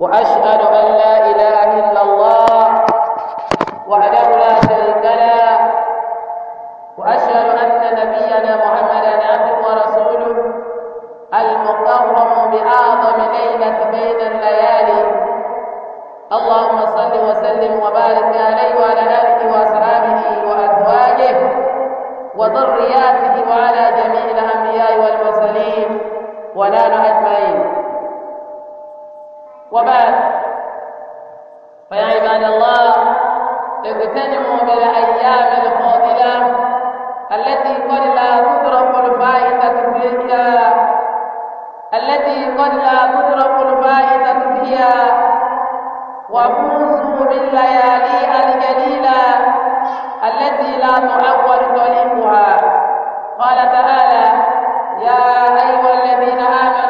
وأشهد أن لا إله إلا الله وحده لا شريك له وأشهد أن نبينا محمدا عبده ورسوله المكرم بأعظم ليلة بين الليالي اللهم صل وسلم وبارك عليه وعلى آله وأصحابه وأزواجه وذرياته وعلى جميع الأنبياء والمرسلين ولا أجمعين وبعد فيا عباد الله اغتنموا بالايام الفاضله التي قد لا تدرك الفائده فيها التي قد لا تدرك الفائده فيها وفوزوا بالليالي الجليله التي لا تعول طريقها قال تعالى يا ايها الذين امنوا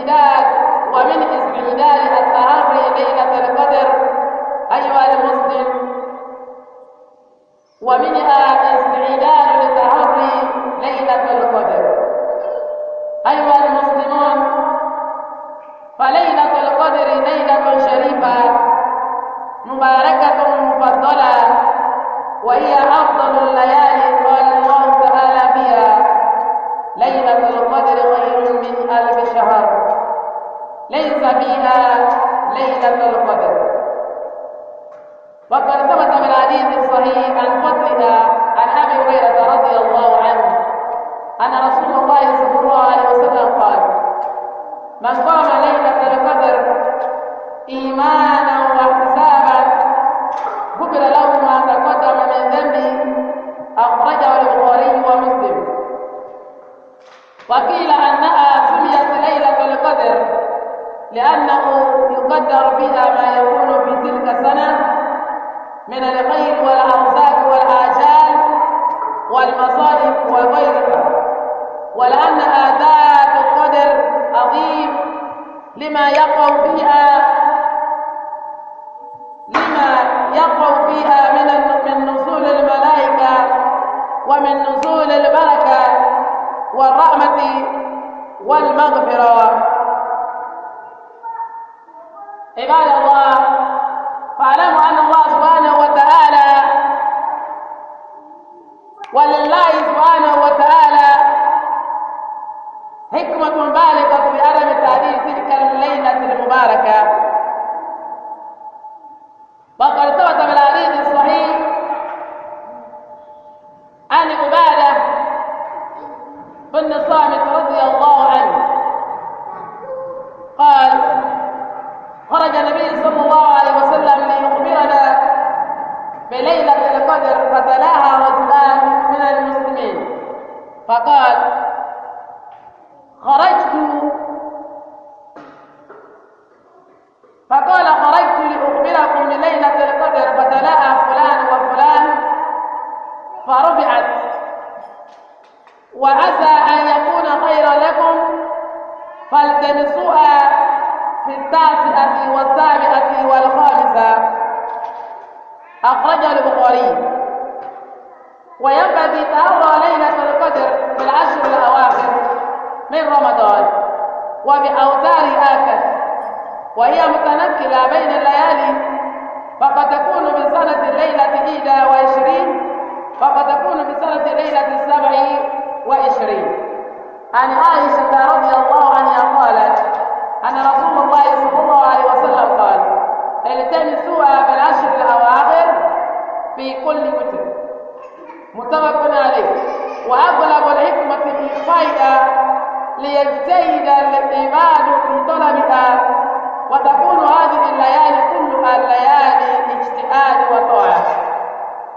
cidade.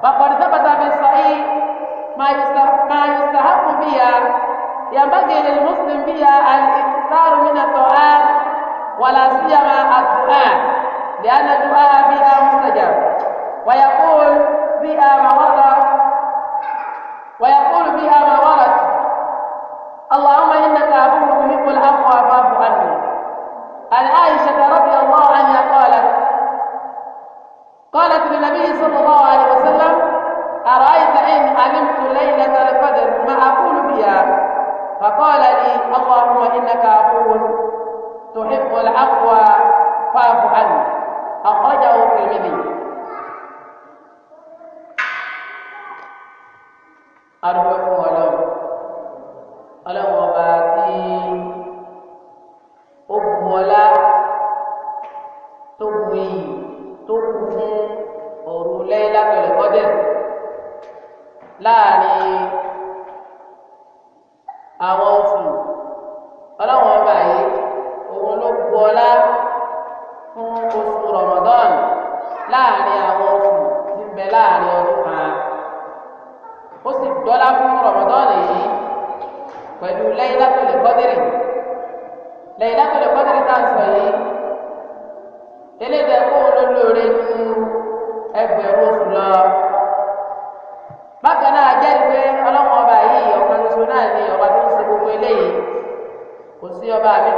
فقد ثبت في الصحيح ما ما يستحق بها ينبغي للمسلم بها الاكثار من الدعاء ولا سيما الدعاء لأن الدعاء بها مستجاب ويقول بها ما ورد ويقول بها ما ورد اللهم قالت للنبي صلى الله عليه وسلم أرأيت إن علمت ليلة القدر ما أقول فيها فقال لي اللهم إنك عفو تحب العفو فاعف عني أخرجه الترمذي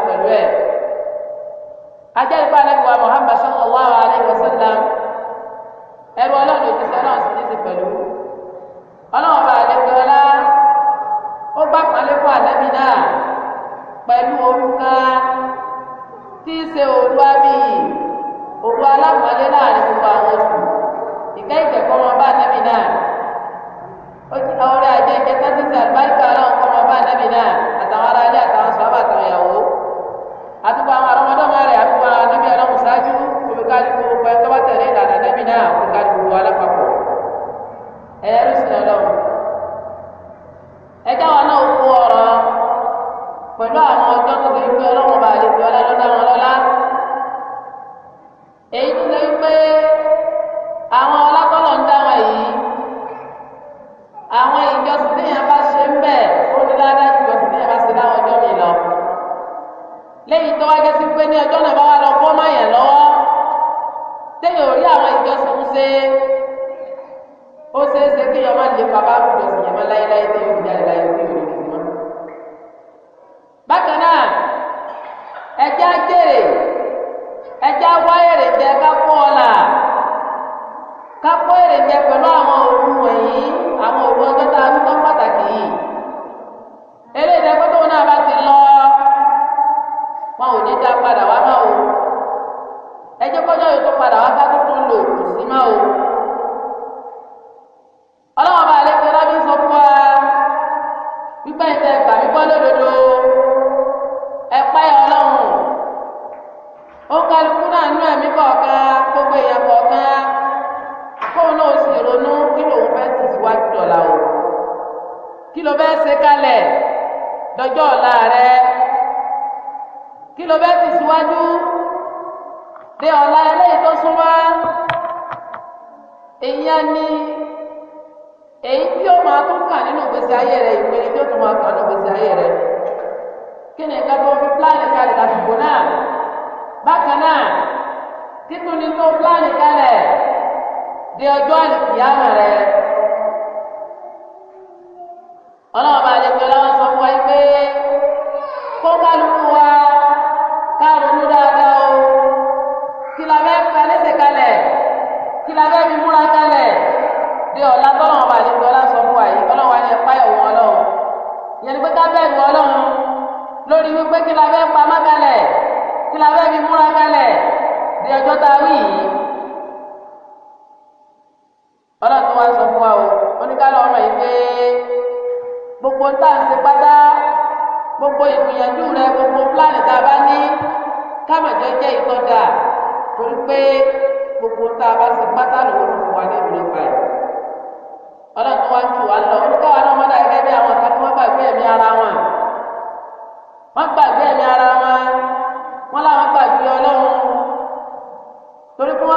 pẹ̀lú ẹ̀ ajẹ́ ìpá anábìwá Muhammad sallallahu alayhi wa sallam ẹrú ọlọ́run ètò sọ ọlọ́run sì ní sí pẹ̀lú ọlọ́run bá àlejò ọlá ó bá pàlẹ́ fún ànábì náà pẹ̀lú orúkọ tí í ṣe òru abíyì òru alámọ̀lé láàrin gbogbo àwọn oṣù ìkẹ́ ìkẹ́kọ̀ọ́ wọn bá ànábì náà ó ti ọrẹ ajẹ́ ìkẹ́kọ̀ọ́ ti ẹ̀yà rìsìn ọlọ́run ẹ káwa náà kú ọ̀rọ̀ pẹ̀lú àwọn ọjọ́ tó ti gbé ọlọ́run bá àlejò ọlá lọ́dọ̀ wọn lọ́lá èyí tó ti gbé àwọn ọlákọ́lọ̀ ń dá wọn yìí àwọn ìjọsìn téèyàn bá ṣe ń bẹ̀ ó ní ládàá ìjọsìn téèyàn bá ṣe láwọn ọjọ́ mi lọ lẹ́yìn tó wá gẹ́sí pé ní ọjọ́ náà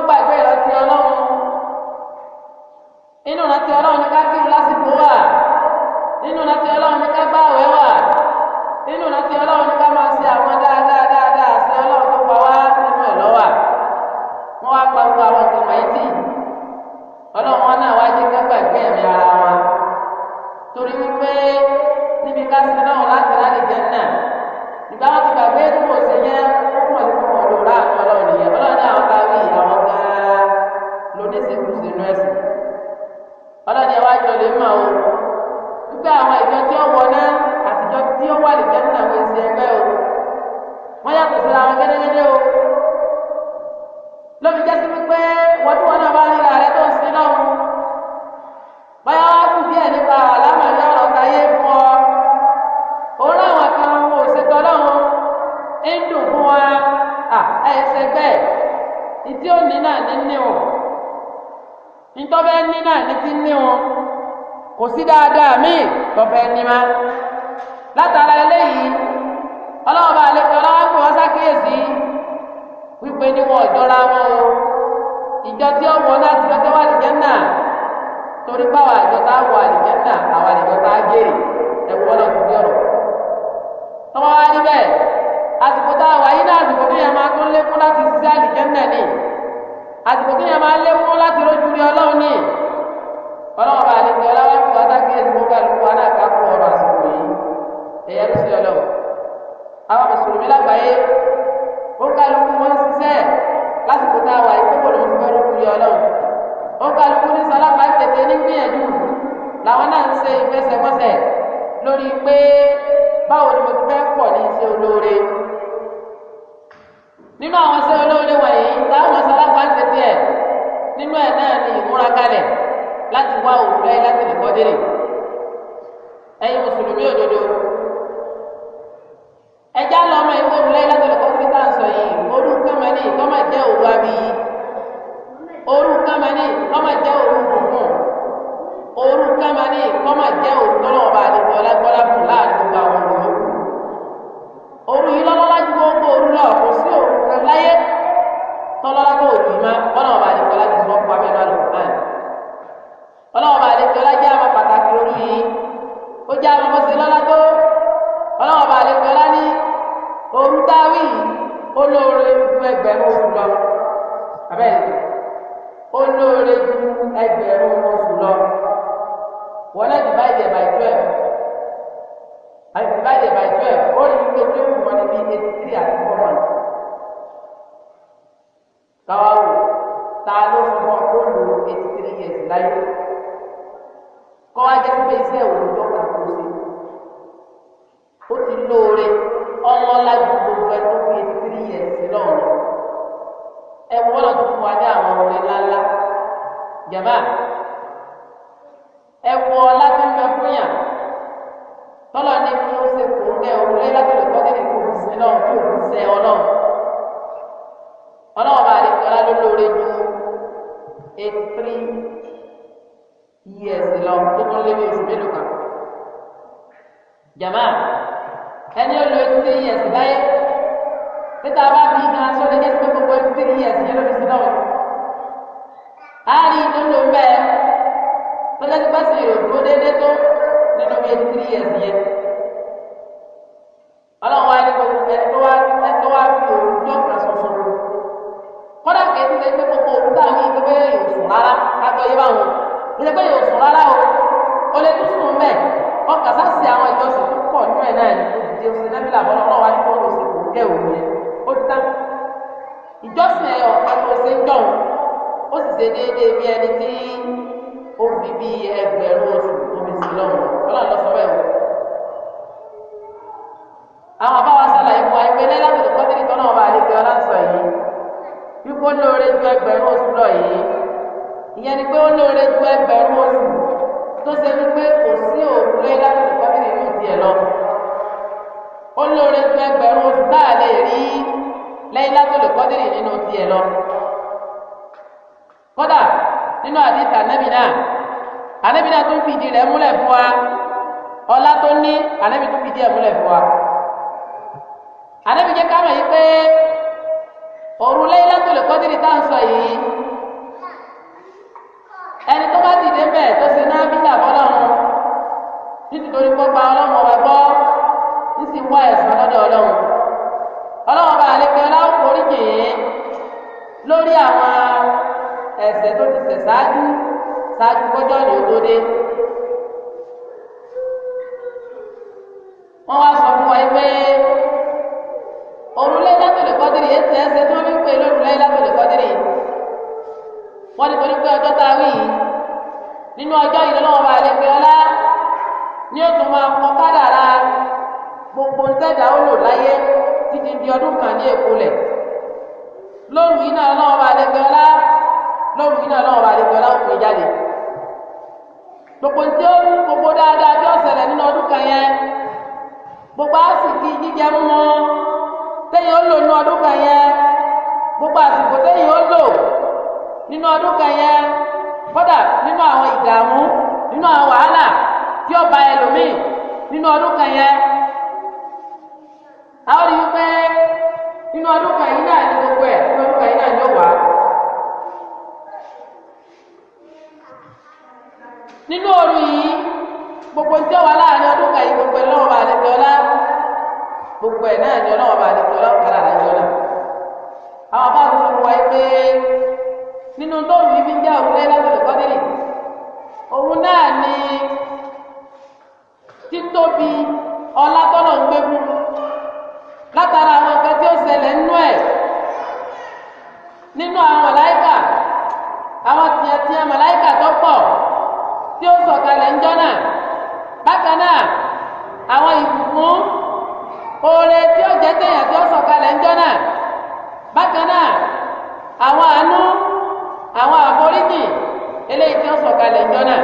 má gbàgbé ìrántí ọlọ́run inú ìrántí ọlọ́run ká. àwọn mùsùlùmí lágbàáyé wọn kálukú wọn ń ṣiṣẹ́ lásìkò tá a wà ikú kò ló ń fẹ́ lókun yọ ọlọ́run wọn kálukú ní sọlápá tètè ní gbìyànjú làwọn náà ń ṣe ìfẹsẹ̀mọsẹ̀ lórí pé báwo ni mo ti fẹ́ pọ̀ ní iṣẹ́ olóore nínú àwọn iṣẹ́ olóore wọ̀nyí táwọn sọlápá tètè ẹ̀ nínú ẹ̀ náà ni ìmúra kalẹ̀ láti wá òwúrọ̀ yìí láti lè kọ́ délé ẹ̀yin mùsùlùmí òdodo. ẹja lọ kọ́dìrì tá à ń sọ yìí ẹni tó bá dìde bẹ́ẹ̀ tó ṣe náà bílà bọ́lọ́run nítorí kó gba ọlọ́run ọba gbọ́ ń sì wá ẹ̀sán lọ́dọ̀ ọlọ́run ọlọ́run ọba àlekẹ́ ọláwó forí jìn lórí àwọn ẹ̀ṣẹ̀ tó ti ṣẹ̀ ṣáájú ṣáájú kọjọ́ ni ó tó dé. ọlá tọ́lọ̀ ń gbé fún látara àwọn nǹkan tí ó ṣẹlẹ̀ nínú ẹ̀ nínú àwọn màláìkà àwọn tìyàtìyà màláìkà tó pọ̀ tí ó sọ̀kalẹ̀ ńjọ́ náà bákan náà àwọn ìbùkún oore tí ó jẹ́ tẹ̀yàn tí ó sọ̀kalẹ̀ ńjọ́ náà bákan náà àwọn àánú àwọn àforíjì eléyìí tí ó sọ̀kalẹ̀ ńjọ́ náà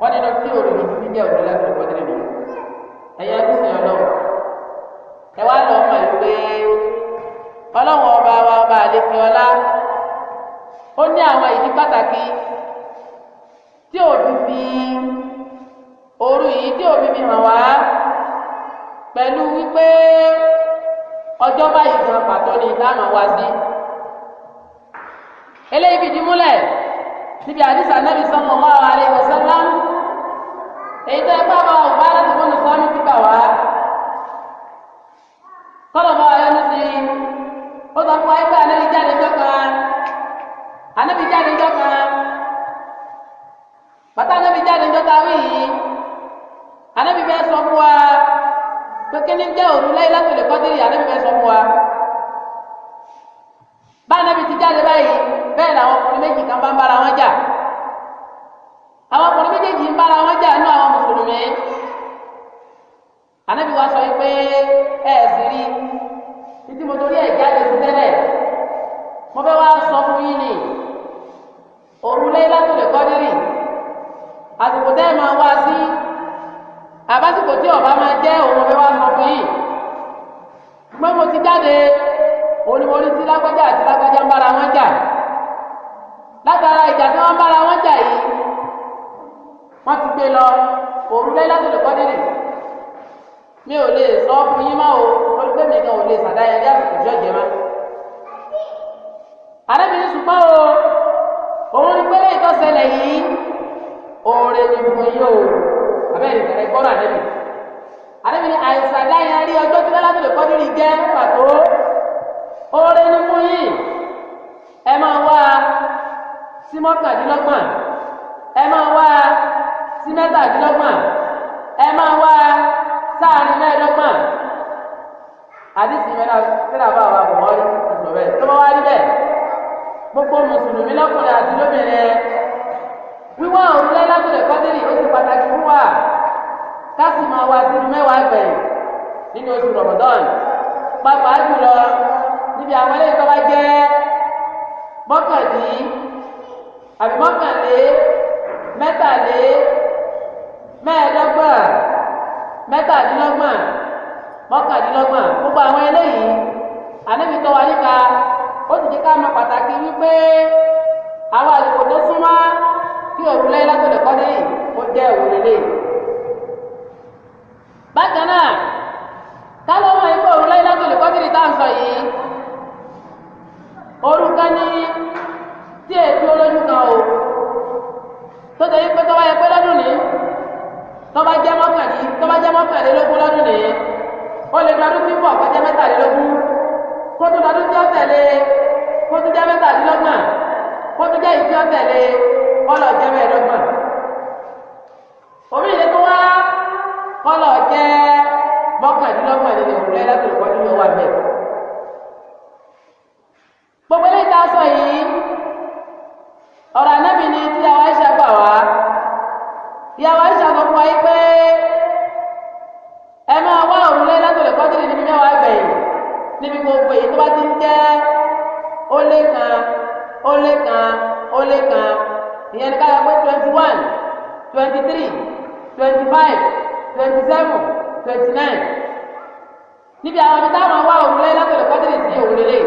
wọ́n ní lọ sí òròyìn ìdílé ọ̀dọ́ lágbègbè. ẹ̀yẹ ẹ̀sìn ọlọ́run ẹ wá lọ mọ̀ pé ọba wa ọba àlekè ọlá ó ní àwọn ìdí pàtàkì tí òbí fi òru yìí tí òbí fi hàn wá pẹ̀lú wípé ọjọ́ báyìí gan pàtó ni ìdáná sí eléyìí níbi àdìsá èyí tẹ́ bá bá ọ̀bá láti bọ́nu sọ́mi ti bà wá kọ́lọ̀ bá ọyọ́ ní sí ó sọ fún ẹgbẹ́ anábì jáde jọ́kan anábì ọkùnrin méjì kan bá ń bára wọn jà àwọn ọkùnrin méjèèjì ń bára wọn jà náà mùsùlùmí ànábì wa sọ yìí pé ẹ sì rí títí mo torí ẹ̀ jáde sí tẹ́lẹ̀ mo fẹ́ wá sọ fún yín ni òrùlé látòlè kọ́dírì àsìkò tẹ́ ẹ máa wá sí àbásìkò tí ọba máa jẹ́ òun mo fẹ́ wá sọ fún yín pé mo ti jáde onímọ̀rí tí lágbájá àti lágbájá ń bára wọn jà látara ìjà tí wọ́n ń bára wọn jà yìí wọ́n ti gbé lọ òru lẹ́yìn láti lè kọ́ délé mi ò lè sọ fún yín máa o lórí pé mi kan ò lè sàdáyé ẹgbẹ́ àsìkò jọ́jẹ́ máa arábìnrin ṣùgbọ́n o òun ní pẹ́lẹ́ ìtọ́sẹ̀lẹ̀ yìí oore ni mo yí o abẹ́rẹ́ ìtẹ̀rẹ́ gbọ́dọ̀ àdébì arábìnrin àìsàn láyé rí ọjọ́ tí lọ́la tó lè kọ́ lórí jẹ́ pàtó oore ni mo yí ẹ máa wá sí ẹ máa wá sí mẹ́tàdínlọ́gbọ̀n ẹ máa wá sáàrin mẹ́ẹ̀ẹ́dọ́gbọ̀n àdìsí mẹ́ta síra bá wa bọ̀ wọ́n sọ bẹ́ẹ̀ tó bá wá rí bẹ́ẹ̀ gbogbo mùsùlùmí lọ́kùnrin àti lóbìnrin ẹ wíwá òun lẹ́lábìlẹ̀ kọ́tẹ́lì ó sì pàtàkì fún wa ká sì máa wá sínú mẹ́wàá gbẹ̀yìn nínú oṣù rọ̀mọ̀dọ́n pàápàá jùlọ níbi àwọn eléyìí tó bá jẹ́ mọ́kàndín àbí mọ́kànlé mẹ́tàlé mẹ́ẹ̀ẹ́dọ́gbọ̀n mẹ́tàdínlọ́gbọ̀n mọ́kàndínlọ́gbọ̀n gbogbo àwọn eléyìí ànábi tọ́ wa nípa ó ti di ká mọ̀ pàtàkì wípé àwọn àlùkò tó súnmọ́ kí òrùlé lágbèlè kọ́dé ó jẹ́ òrùlé. bákan náà kálọ̀ mọ̀ ikú òrùlé lágbèlè kọ́dé tá à ń sọ yìí orúkọ ní tí èdè olójú tó bá jẹ́ mọ́kànlélógún lọ́dún nìyí ó lè gba ọdún tí ń bọ̀ kó jẹ́ mẹ́tàlélógún kó tún lọ́dún tí ó tẹ̀lé kó tún jẹ́ mẹ́tàlélọ́gbọ̀n kó tún jẹ́ ìtí ó tẹ̀lé kọ́lọ̀ jẹ́ mẹ́ẹ̀ẹ́dọ́gbọ̀n. òmìnira tó wá kọ́lọ̀ jẹ́ mọ́kànlélọ́gbọ̀n nínú ìwúrẹ́ lẹ́tọ̀ọ̀kọ́ nínú wa bẹ́ẹ̀. gbogbo eléyìí tá a sọ yìí ọ̀rọ̀ àná níbi gbogbo èyí tó bá ti ń jẹ́ ó lé kan ó lé kan ó lé kan ìyẹn ní ká yọ pé twenty one twenty three twenty five twenty seven twenty nine níbi àwọn ibi táwọn wá òrùlé lápẹ̀lẹ̀ pátírì sí òrùlé.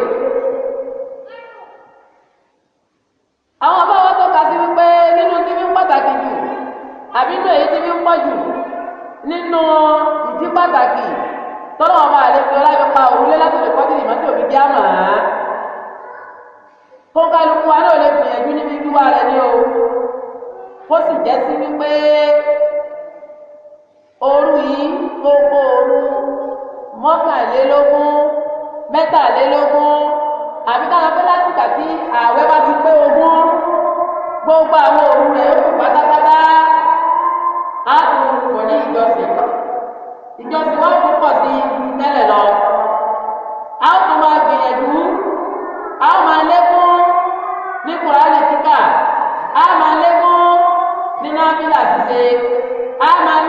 àwọn ọba wa tọ́ka sí wípé nínú kíbi pàtàkì jù àbí nínú èyí kíbi pọ̀ jù nínú ìdí pàtàkì tọ́lọ́ ọba àlejò ọlábẹ́ pa òrùlé láti lè kọ́ bìrì mọ́tò òbí díàmà á. kó kálukú wa náà lè gbìyànjú níbi wíwá rẹ ní o kó sì jẹ́ sí wípé òru yìí gbogbo òru mọ́kànlélógún mẹ́tàlélógún àbí káwọn pé láti gbà tí ààwẹ̀ bá ti pé ogún gbogbo àwọn òru rẹ̀ ó kù pátápátá á ti ní ìjọsìn ìjọsìn wọn ti pọ̀ sí tẹ́lẹ̀ lọ. a ó tún máa gbìyànjú a ó máa lékún ní kùránì kíkà a máa lékún ní nábìlà ṣíṣe a máa.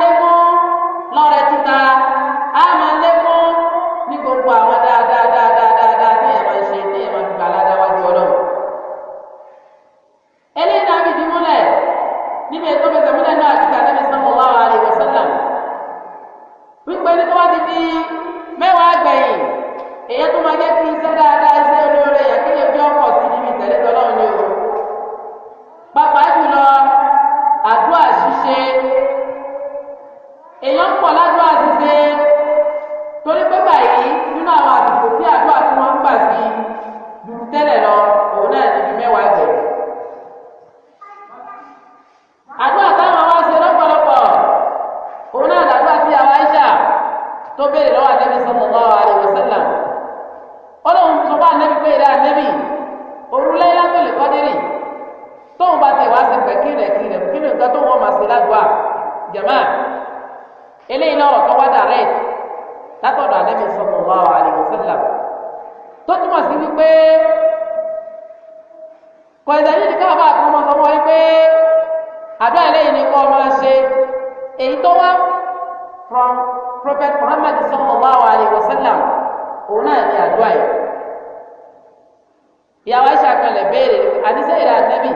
àníṣe ìlà ànábì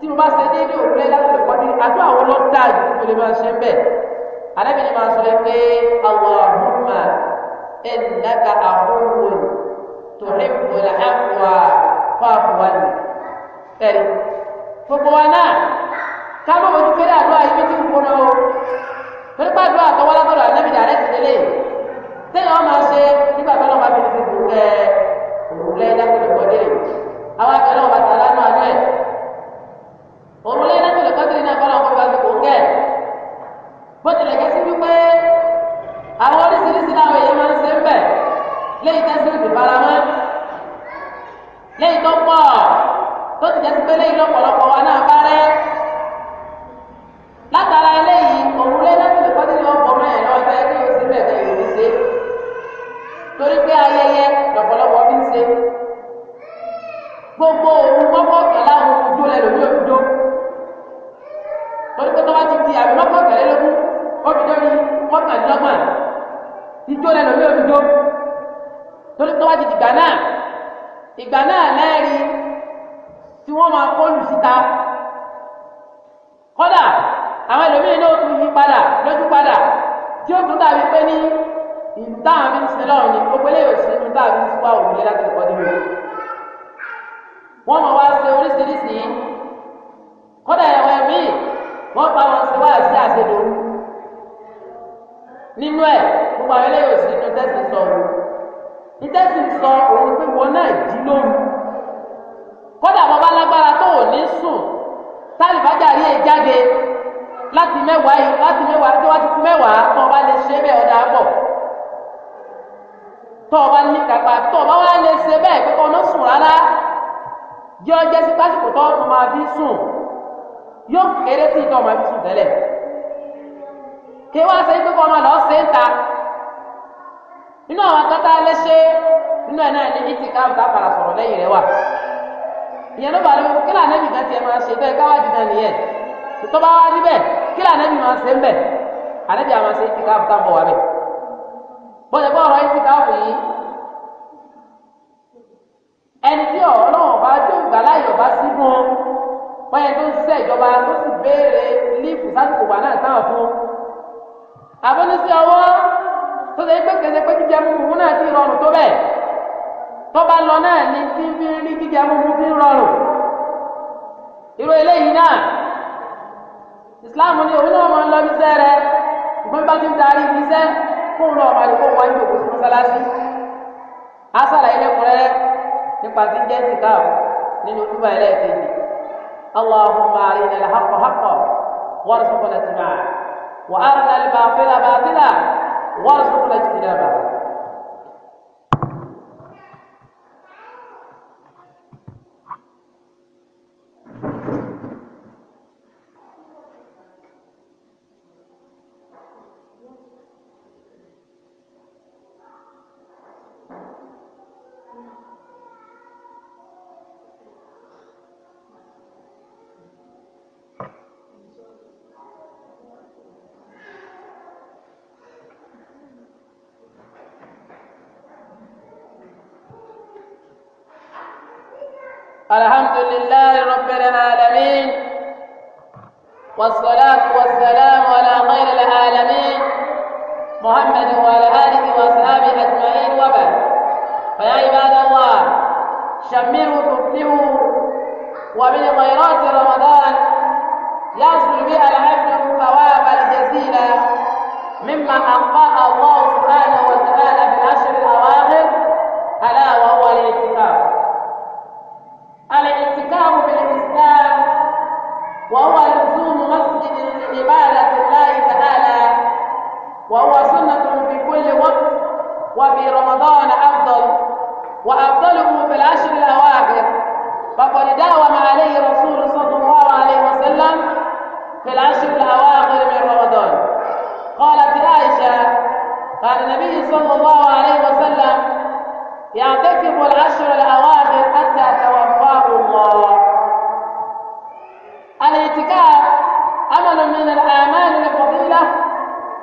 tí mo bá ṣe déédéé òwúrẹ́ lábẹ́ ìkọ́ni àjọ àwọn ọlọ́dà yìí mo lè máa ṣe ń bẹ̀ ànábì ni máa sọ ẹ pé Allahumma innaka afuwwun tuhibbul afwa fa'fu anni ẹ̀rí gbogbo wa náà káàbọ̀ ojú kéré àdúrà yìí méjì ń kóná o torí pé àdúrà tó wọlé tọ̀dọ̀ dàrẹ́ ti délé téèyàn máa ṣe nígbà tó lọ́ọ́ àwọn akẹ́lẹ́ wọn bàtà lánà àánú ẹ̀ òun lé lẹ́tọ̀lẹ̀ kọ́tìrì náà kọ́ lọ́wọ́ bá fi kò ń kẹ́ bó tilẹ̀ kẹ́sí wípé àwọn oríṣiríṣi làwọn èèyàn máa ń ṣe ń bẹ̀ lẹ́yìn tẹ́sí ìlú faramọ́ lẹ́yìn tó pọ̀ tó ti jẹ́ sí wa náà bá rẹ́ látara jíjó lẹ́nu mi ò dúdó torí tó wá ti dìgbà náà ìgbà náà lẹ́ẹ̀rí tí wọ́n máa kọlù síta kọ́dà àwọn ẹlòmíín náà tún yí padà lójú padà tí ó tún dàbí pé ní ìlú táwọn fi ń sin lọ́rùn ni gbogbo eléyìí ò sí inú táwọn fi ń sin wá òun yẹn láti lè kọ́ nínú wọ́n máa wá ṣe oríṣiríṣi kọ́dà ẹ̀wọ̀ ẹ̀mí wọ́n pa wọn ṣe wá sí àṣedòru nínú ẹ̀ gbogbo àwọn eléyìí òsì nínú tẹ́sí sọ o ní tẹ́sí sọ òun pé wọn náà jí lóru kódà bọ́ bá lágbára tó ò ní sùn táyì bájà rí e jáde láti mẹ́wàá yìí láti mẹ́wàá tó wá ti kú mẹ́wàá tó o bá lè ṣe bẹ́ẹ̀ ọ̀dà pọ̀ tó o bá ní kápá tó o bá wá lè ṣe bẹ́ẹ̀ pé kò ní sùn rárá jẹ́ ọjọ́ sí pásítọ̀ tó o máa fi sùn yóò kéré sí ìtọ́ ọmọ ẹbí sùn tẹ́lẹ̀ kí wọ́n ṣe pé kọ́ ọmọ lọ́ọ́ ń ta nínú àwọn akátá ẹlẹ́ṣẹ́ nínú ẹ̀ náà ní ìtì ká bá bàrà sọ̀rọ̀ lẹ́yìn rẹ̀ wà ìyẹn ló bá lọ kí lànàbì kan tiẹ̀ máa ṣe bẹ́ẹ̀ káwá jù náà nìyẹn tó bá wá níbẹ̀ kí lànàbì máa ṣe ń bẹ̀ ànàbì àwọn ṣe ìtì ká bá bọ̀ wá bẹ̀ bọ́jà bọ́ ọ̀rọ̀ ìtì ká yìí ẹni tí ọlọ́run ọba tó gbà láyọ̀ bá sí fún un wọ́n tó ń ṣiṣẹ́ ìjọba tó sì béèrè lífù sásìkò wà náà sáwọn fún un ọwọ́ tó ṣe pé kèsè pé jíjẹ múmu náà ti rọrùn tó bẹ́ẹ̀ tó bá lọ náà ni tí fi ń rí jíjẹ múmu fi ń rọrùn irú eléyìí náà ìsìláàmù ni òun náà máa ń lọ bí iṣẹ́ rẹ ìpín bá ti ń darí ibi iṣẹ́ fún un náà máa rí kó wọ́n ń mọ́sálásí á sàlàyé lẹ́kùnrẹ́rẹ́ nípa ti jẹ́ tìkà nínú túbọ̀ ẹlẹ́ẹ̀kejì اللهم أرنا الحق حقا وارزقنا اتباعه وأرنا وارزقنا اجتنابها الحمد لله رب العالمين والصلاة والسلام على خير العالمين محمد وعلى آله وأصحابه أجمعين وبعد فيا عباد الله شمروا تفلحوا ومن خيرات رمضان يصل بها العبد الثواب الجزيل مما أعطاه الله سبحانه وتعالى في العشر الأواخر ألا وهو الاعتكاف وفي رمضان أفضل وأفضله في العشر الأواخر فقد داوم عليه الرسول صلى الله عليه وسلم في العشر الأواخر من رمضان قالت عائشة قال النبي صلى الله عليه وسلم يعتكف العشر الأواخر حتى توفاه الله الاعتكاف عمل من الأعمال الفضيلة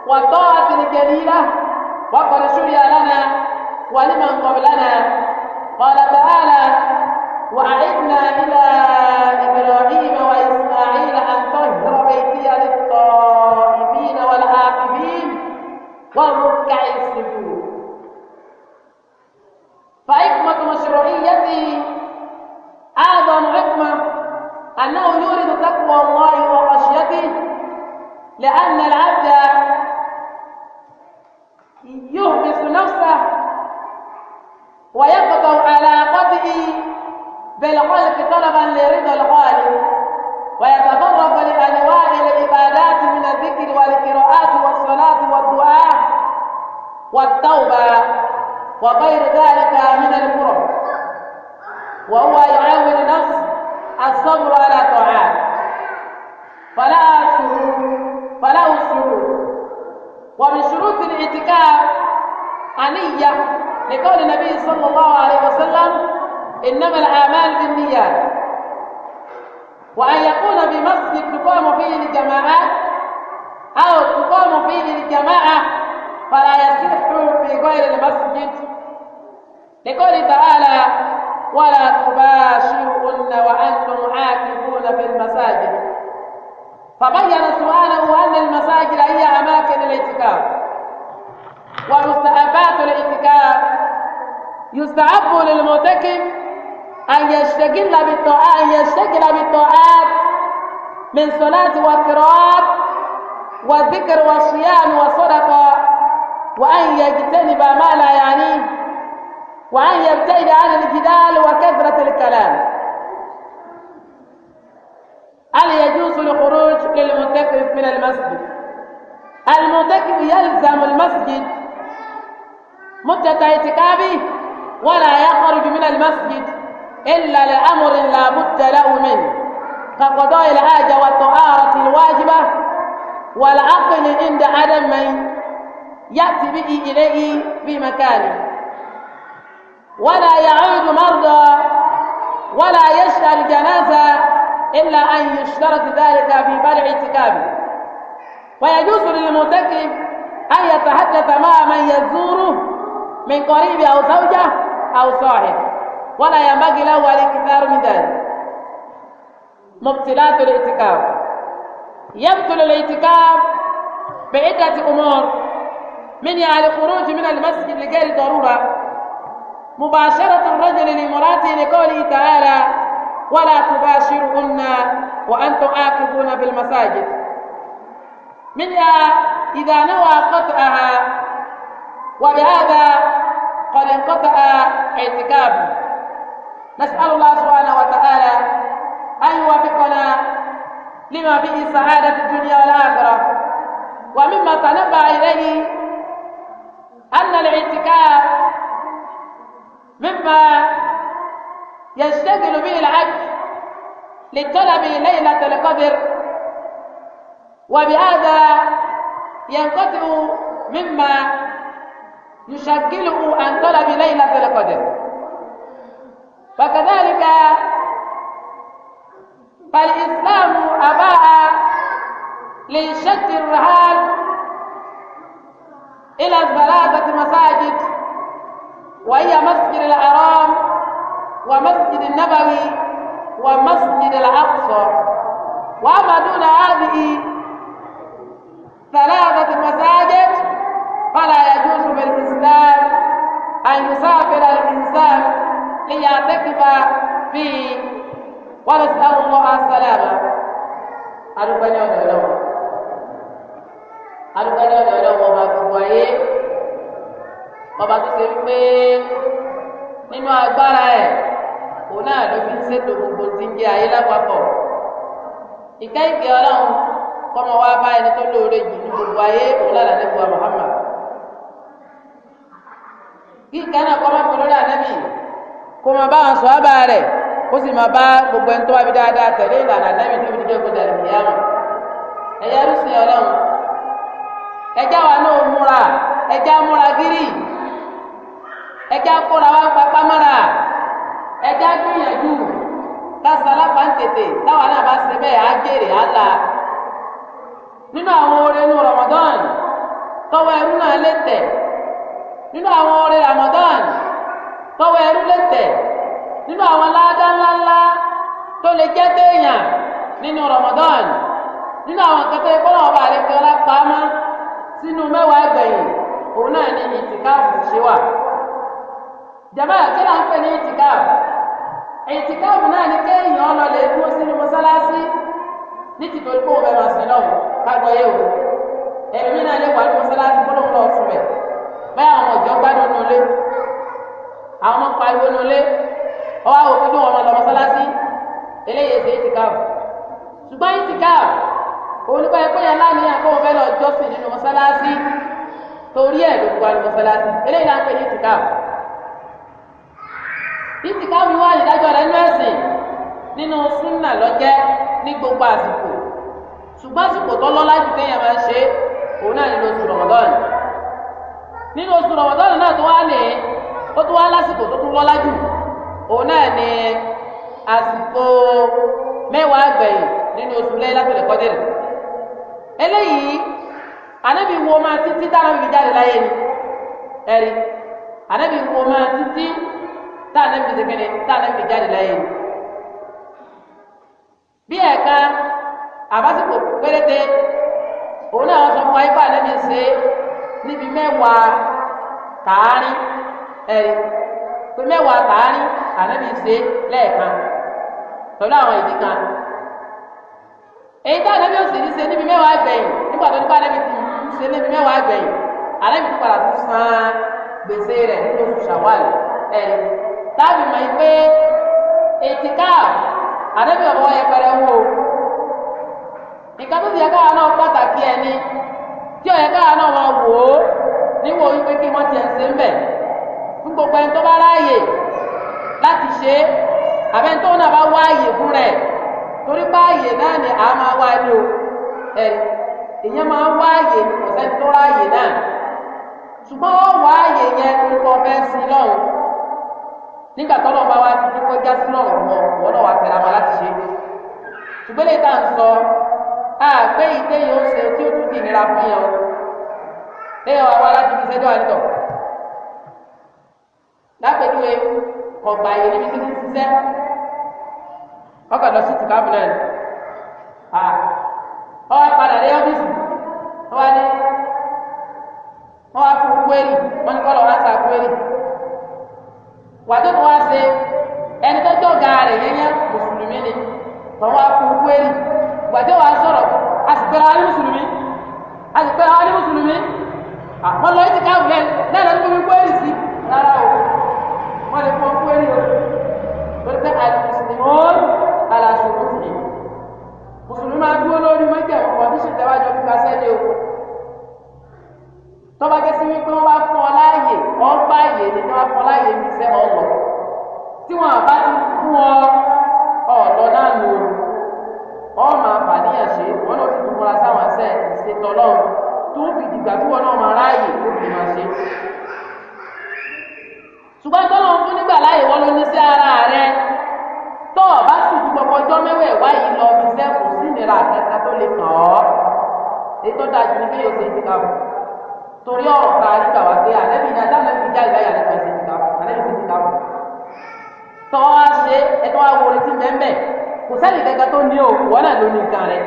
والطاعة الجليلة وقد شرع لنا ولمن قبلنا قال تعالى وأعدنا إلى إبراهيم وإسماعيل أن تهر بيتي للطائفين والعاقبين والركع السجود فحكمة مشروعيته أعظم حكمة أنه يورد تقوى الله وخشيته لأن العبد بالخلق طلبا لرضا الخالق ويتطرق لأنواع العبادات من الذكر والقراءات والصلاة والدعاء والتوبة وغير ذلك من الكرم وهو يعاون نص الصبر على طاعاته فلا شروط فله شروط ومن شروط الاعتكاف النية لقول النبي صلى الله عليه وسلم إنما الأعمال بالنيات وأن يكون بمسجد تقام فيه الجماعات أو تقام فيه الجماعة فلا يصح في غير المسجد لقول تعالى ولا تباشرن وأنتم عاكفون في المساجد فبين سؤاله أن المساجد هي أماكن الاعتكاف ومستحبات الاعتكاف يستحب للمعتكف أن يشتغل بالدعاء أن يشتغل بالطاعات من صلاة وقراءة وذكر وصيام وصدقة وأن يجتنب ما لا يعنيه وأن يبتعد عن الجدال وكثرة الكلام هل يجوز الخروج للمعتكف من المسجد المعتكف يلزم المسجد مدة اعتكافه ولا يخرج من المسجد إلا لأمر لا بد له منه كقضاء الحاجة والطهارة الواجبة والعقل عند عدم من يأتي به إليه في مكانه ولا يعود مرضى ولا يشفى الجنازة إلا أن يشترط ذلك في بلع اعتكابه ويجوز للمعتكف أن يتحدث مع من يزوره من قريب أو زوجة أو صاحب ولا ينبغي له كثار من ذلك مبتلات الاعتكاف يبطل الاعتكاف بعدة أمور منها الخروج يعني من المسجد لغير ضرورة مباشرة الرجل لامرأته لقوله تعالى ولا تباشرهن وأنتم آكفون بالمساجد منها يعني إذا نوى قطعها وبهذا قد انقطع اعتكافه نسأل الله سبحانه وتعالى أن يوفقنا لما به سعادة الدنيا والآخرة ومما تنبع إليه أن الاعتكاف مما يشتغل به العبد لطلب ليلة القدر وبهذا ينقطع مما يشكله عن طلب ليلة القدر فكذلك فالإسلام أباء لشد الرهان إلى ثلاثة مساجد وهي مسجد الحرام ومسجد النبوي ومسجد الأقصى وأما دون هذه ثلاثة مساجد فلا يجوز بالإسلام أن يسافر الإنسان ليعتكف فيه ونسأل الله السلامة adúpẹ́ ní ọ̀dọ̀ ọlọ́wọ́ adúpẹ́ ní ọ̀dọ̀ ọlọ́wọ́ ọba gbogbo ayé ọba tó ṣe wípé nínú agbára ẹ̀ òun náà ló fi ń ṣètò gbogbo tí ń jẹ ayé lápapọ̀ ìkẹ́ ìkẹ́ ọlọ́run kọ́mọ wá bá ẹni tó lóore jù ní gbogbo ayé òun lára lẹ́kọ̀ọ́ Muhammad kí ìkẹ́ náà kọ́mọ pẹ̀lú rẹ̀ ànábì kó máa bá àwọn sọ́ọ́bà rẹ̀ kó sì máa bá gbogbo ẹni tó wá bí dáadáa tẹ̀lé ìlànà ànábì tó fi dúdú dàrú ìyáàmù ẹ̀yà rúṣin ọlọ́run ẹjá wa náà múra ẹjá múra gírì ẹjá kóra wá papá mára ẹjá gbìyànjú lásàlá pàǹtẹ̀tẹ̀ táwa náà bá ṣe bẹ́ẹ̀ á jèrè á la nínú àwọn oore inú Ramadan tọwọ́ ẹrú náà lè tẹ̀ nínú àwọn oore Ramadan tẹ̀ nínú àwọn ládá ńláńlá tó lè jẹ́ téèyàn nínú Ramadan nínú àwọn nǹkan tó yẹ kó náà bá àlejò alápamọ́ sínú mẹ́wàá ẹgbẹ̀yìn òun náà ní ìtìkáàbù ṣe wà. jàmbá kí là ń pè ní ìtìkáàbù ìtìkáàbù náà ní kéèyàn ọlọlẹ̀ dúró sínú mọ́sálásí ní tìtorí kó o bẹ̀rẹ̀ ọ̀sìn náà kágbọ́ yé o ẹ̀mí náà lè wà ní mọ́sálásí kó lóun lọ sùn bẹ̀ báyà àwọn ọ̀jọ́ gbádùn nílé àwọn ọmọ pariwo nulẹ ọwọ àwọn òkúdù wọn lọ mọ́sálásí eléyìí èsè ìtìkáàbù ṣùgbọ́n ìtìkáàbù olùkọ́ ẹ̀kọ́ yẹn láàánú yẹn kóun fẹ́ lọ jọ́sìn nínú mọ́sálásí torí ẹ̀ ló wà ní mọ́sálásí eléyìí là ń pè ní ìtìkáàbù ìtìkáàbù wà nídájọ́ rẹ̀ nínú ẹ̀sìn nínú súnà lọ́jẹ́ ní gbogbo àsìkò ṣùgbọ́n àsìkò tó lọ́lá jù téèyàn máa ń ṣe òun náà nínú oṣù rọ̀mọ́dọ́ọ̀nù nínú oṣù rọ̀mọ́dọ́ọ̀nù náà tó wá lè ó tún wá lásìkò tó tún lọ́lá jù òun náà ni àsìkò mẹ́wàá gbẹ̀yìn nínú oṣù Laylatul Qadr eléyìí anabi wo máa títí táwọn ibi jáde láyé ni ẹ̀rí anabi wo máa títí táwọn ibi sèkéne táwọn ibi jáde láyé ni bí ẹ̀ka àbásìkò péréte òun náà sọ fún wa ipá anabi ṣe níbi mẹ́wàá tààrin. ẹ̀rí pé mẹ́wàá tààrin ànábì ṣe lẹ́ẹ̀kan pẹ̀lú àwọn ìdí kan èyí tí ànábì ò sì ní ṣe níbi mẹ́wàá gbẹ̀yìn nígbà tó nípa ànábì ti ṣe níbi mẹ́wàá gbẹ̀yìn ànábì ti padà san gbèsè rẹ̀ nínú oṣù ṣàwálì ẹ̀rí táàbì mọ̀ pé ètì káàbù ànábì ọ̀bọ̀ yẹpẹrẹ wò nǹkan tó ti yẹ káà náà pàtàkì ẹni tí káà náà wò fún gbogbo ẹni tó bá ráàyè láti ṣe é àbẹ́ni tó náà bá wá àyè fún rẹ̀ torí pé àyè náà ni àá máa wá ní o ẹ èèyàn máa wá àyè ní kò sẹ́ni tó ráàyè náà ṣùgbọ́n ó wá àyè yẹn tó kọ́ fẹ́ sí lọ́hùn nígbà tó lọ́ọ́ bá wá ti kó já sí lọ́hùn mọ́ wọ́n náà wá tẹ̀lé àwọn láti ṣe ṣùgbọ́n lè tà ń sọ àgbẹ̀ ìdéyìí ó ṣe tí ó tún dì nira fún yẹn o lẹ́yìn wá wá láti fi ṣẹ́jọ́ àdìtọ̀. lápẹjúwe ọba yìí níbi tí ń ṣiṣẹ́ ọkọ lọ sí tìkáàbù náà ọ padà dé ọ́fíìsì ọwọ́ ní ọ wá fún kwérì wọ́n ní kọlọ wá sá tó wá ṣe ẹni tó tó ga rẹ̀ yẹnyẹ mùsùlùmí ni wọ́n wá fún kwérì tó wá a wá ní mùsùlùmí wá ní mùsùlùmí àwọn náà sí wọ́n lè fún ọkú ẹni o lórí pé àìsàn aláṣọwọ́ ti yìí mùsùlùmí máa dúró lórí mẹ́jẹ̀ ọ̀pọ̀ bí ṣètẹ́wájọ gbígbà sẹ́lẹ̀ o tọ́ba kẹsí wípé wọ́n bá fún ọ láàyè ọgbà àyè ni wọ́n fún ọ láàyè ní iṣẹ́ ọ̀wọ̀ tí wọ́n bá ti fún ọ ọ̀dọ́. dáa ju ní bí yóò ṣe ti ká o torí ọ̀rọ̀ ta nígbà wá pé àlẹ́bí ní adáàlẹ́bí já ìgbà yà lẹ́kọ̀ọ́ ṣe ti ká o àlẹ́bí ṣe ti ká o tọ́ wá ṣe ẹ̀tọ́ wá wọlé sí mẹ́mẹ́ kò sẹ́ni kankan tó ní o wọ́n náà ló ní nǹkan rẹ̀